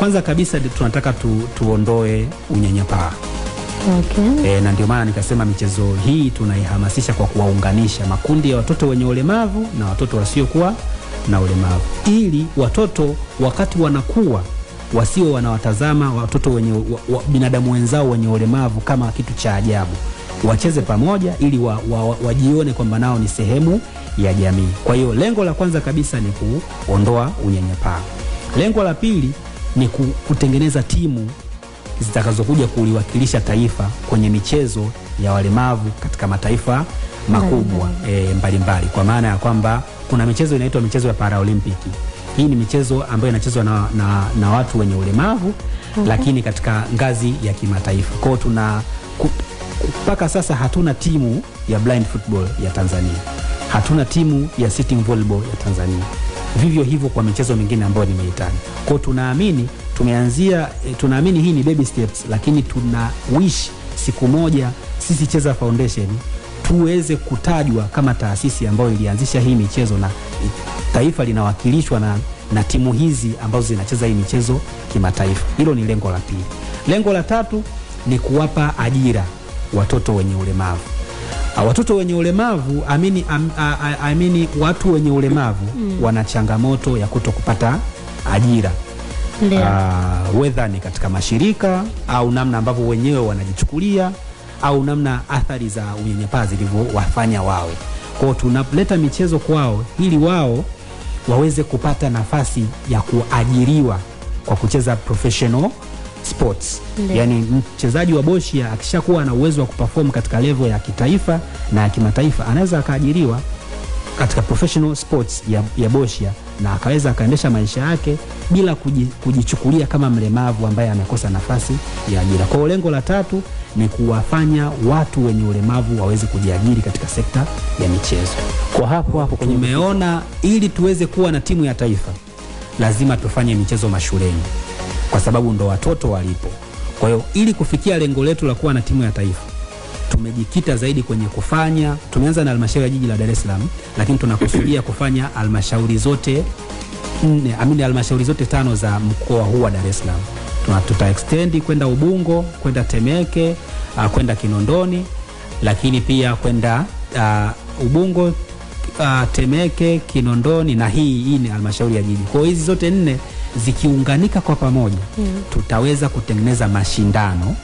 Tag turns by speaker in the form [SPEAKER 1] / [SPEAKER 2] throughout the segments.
[SPEAKER 1] Kwanza kabisa tunataka tu, tuondoe unyanyapaa. Okay. E, na ndio maana nikasema michezo hii tunaihamasisha kwa kuwaunganisha makundi ya watoto wenye ulemavu na watoto wasiokuwa na ulemavu, ili watoto wakati wanakuwa wasio wanawatazama watoto wenye wa, wa, binadamu wenzao wenye ulemavu kama kitu cha ajabu. Wacheze pamoja ili wa, wa, wa, wajione kwamba nao ni sehemu ya jamii. Kwa hiyo lengo la kwanza kabisa ni kuondoa unyanyapaa. Lengo la pili ni kutengeneza timu zitakazokuja kuliwakilisha taifa kwenye michezo ya walemavu katika mataifa makubwa mbalimbali e, eh, mbali. Kwa maana ya kwamba kuna michezo inaitwa michezo ya Paraolimpiki. Hii ni michezo ambayo inachezwa na, na, na watu wenye ulemavu mm -hmm. Lakini katika ngazi ya kimataifa kwao tuna mpaka sasa hatuna timu ya blind football ya Tanzania, hatuna timu ya sitting volleyball ya Tanzania vivyo hivyo kwa michezo mingine ambayo nimeitaja. Kwao tunaamini tumeanzia, eh, tunaamini hii ni baby steps, lakini tuna wish siku moja sisi Cheza Foundation tuweze kutajwa kama taasisi ambayo ilianzisha hii michezo na taifa linawakilishwa na, na timu hizi ambazo zinacheza hii michezo kimataifa. Hilo ni lengo la pili. Lengo la tatu ni kuwapa ajira watoto wenye ulemavu. Ah, watoto wenye ulemavu amini, am, a, a, amini watu wenye ulemavu mm. wana changamoto ya kuto kupata ajira uh, ah, wedha ni katika mashirika au namna ambavyo wenyewe wanajichukulia au namna athari za unyanyapaa zilivyowafanya wawe kwao. Tunaleta michezo kwao ili wao waweze kupata nafasi ya kuajiriwa kwa kucheza professional sports. yani mchezaji wa Bosnia akishakuwa ana uwezo wa kuperform katika level ya kitaifa na ya kimataifa anaweza akaajiriwa katika professional sports ya, ya Bosnia na akaweza akaendesha maisha yake bila kujichukulia kama mlemavu ambaye amekosa nafasi ya ajira. Kwa lengo la tatu ni kuwafanya watu wenye ulemavu waweze kujiajiri katika sekta ya michezo. Kwa hapo hapo kwenye tumeona ili tuweze kuwa na timu ya taifa lazima tufanye michezo mashuleni kwa sababu ndo watoto walipo. Kwa hiyo ili kufikia lengo letu la kuwa na timu ya taifa tumejikita zaidi kwenye kufanya, tumeanza na halmashauri ya jiji la Dar es Salaam, lakini tunakusudia kufanya halmashauri zote nne, amini halmashauri zote tano za mkoa huu wa Dar es Salaam. Tuta extend kwenda Ubungo, kwenda Temeke, uh, kwenda Kinondoni, lakini pia kwenda uh, Ubungo, uh, Temeke, Kinondoni na hii hii ni halmashauri ya jiji. Kwa hiyo hizi zote nne zikiunganika kwa pamoja mm. tutaweza kutengeneza mashindano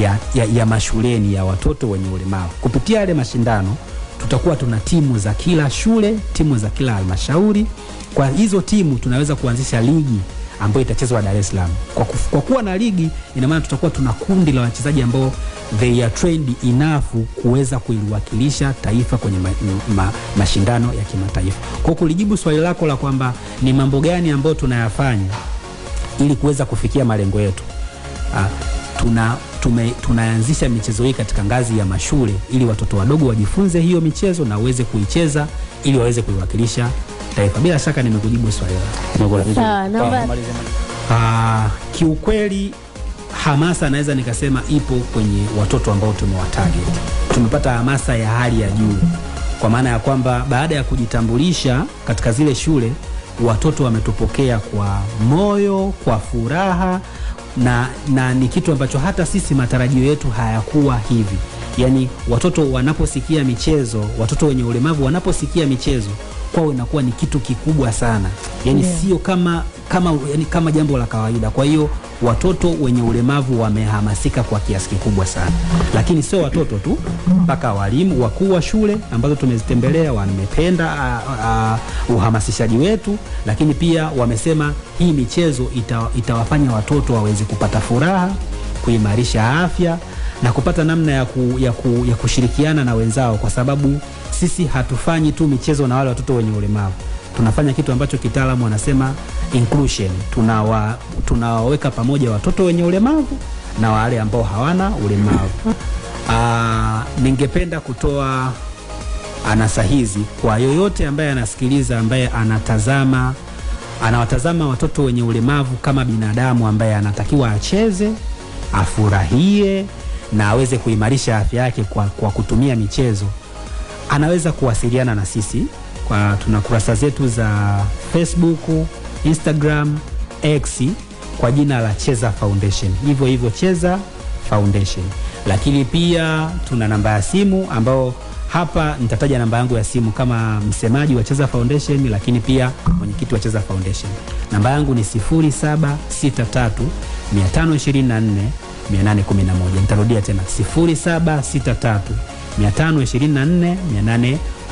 [SPEAKER 1] ya, ya, ya mashuleni ya watoto wenye ulemavu. Kupitia yale mashindano tutakuwa tuna timu za kila shule, timu za kila halmashauri. Kwa hizo timu tunaweza kuanzisha ligi ambayo itachezwa Dar es Salaam. Kwa, kwa kuwa na ligi, ina maana tutakuwa tuna kundi la wachezaji ambao they are trained enough kuweza kuliwakilisha taifa kwenye ma, ma, mashindano ya kimataifa. Kwa kulijibu swali lako la kwamba ni mambo gani ambayo tunayafanya ili kuweza kufikia malengo yetu, ah, tuna tume, tunaanzisha michezo hii katika ngazi ya mashule ili watoto wadogo wajifunze hiyo michezo na waweze kuicheza ili waweze kuiwakilisha kitaifa. Bila shaka nimekujibu swali
[SPEAKER 2] lako.
[SPEAKER 1] Ah, kiukweli hamasa naweza nikasema ipo kwenye watoto ambao tumewatarget. Tumepata hamasa ya hali ya juu, kwa maana ya kwamba baada ya kujitambulisha katika zile shule, watoto wametupokea kwa moyo, kwa furaha na, na ni kitu ambacho hata sisi matarajio yetu hayakuwa hivi yani watoto wanaposikia michezo, watoto wenye ulemavu wanaposikia michezo kwao inakuwa ni kitu kikubwa sana yani yeah. Sio kama kama, yani kama jambo la kawaida. Kwa hiyo watoto wenye ulemavu wamehamasika kwa kiasi kikubwa sana, lakini sio watoto tu, mpaka walimu wakuu wa shule ambazo tumezitembelea wamependa uhamasishaji wetu, lakini pia wamesema hii michezo ita, itawafanya watoto waweze kupata furaha, kuimarisha afya na kupata namna ya, ku, ya, ku, ya kushirikiana na wenzao, kwa sababu sisi hatufanyi tu michezo na wale watoto wenye ulemavu, tunafanya kitu ambacho kitaalamu wanasema inclusion. Tunawa, tunawaweka pamoja watoto wenye ulemavu na wale ambao hawana ulemavu. Aa, ah, ningependa kutoa anasa hizi kwa yoyote ambaye anasikiliza, ambaye anatazama anawatazama watoto wenye ulemavu kama binadamu ambaye anatakiwa acheze, afurahie na aweze kuimarisha afya yake kwa, kwa kutumia michezo, anaweza kuwasiliana na sisi kwa, tuna kurasa zetu za Facebook, Instagram, X kwa jina la Cheza Foundation, hivyo hivyo Cheza Foundation. Lakini pia tuna namba ya simu ambao hapa nitataja namba yangu ya simu kama msemaji wa Cheza Foundation, lakini pia mwenyekiti wa Cheza Foundation. Namba yangu ni 0763 524 811. Nitarudia tena 0763 524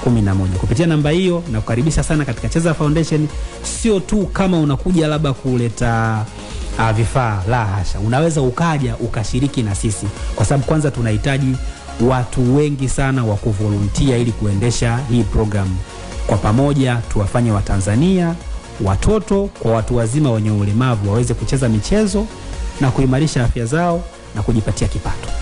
[SPEAKER 1] 811. Kupitia namba hiyo na kukaribisha sana katika Cheza Foundation, sio tu kama unakuja labda kuleta uh, vifaa la hasha, unaweza ukaja ukashiriki na sisi, kwa sababu kwanza tunahitaji watu wengi sana wa kuvolunteer ili kuendesha hii programu. Kwa pamoja tuwafanye Watanzania watoto kwa watu wazima wenye ulemavu waweze kucheza michezo na kuimarisha afya zao na kujipatia kipato.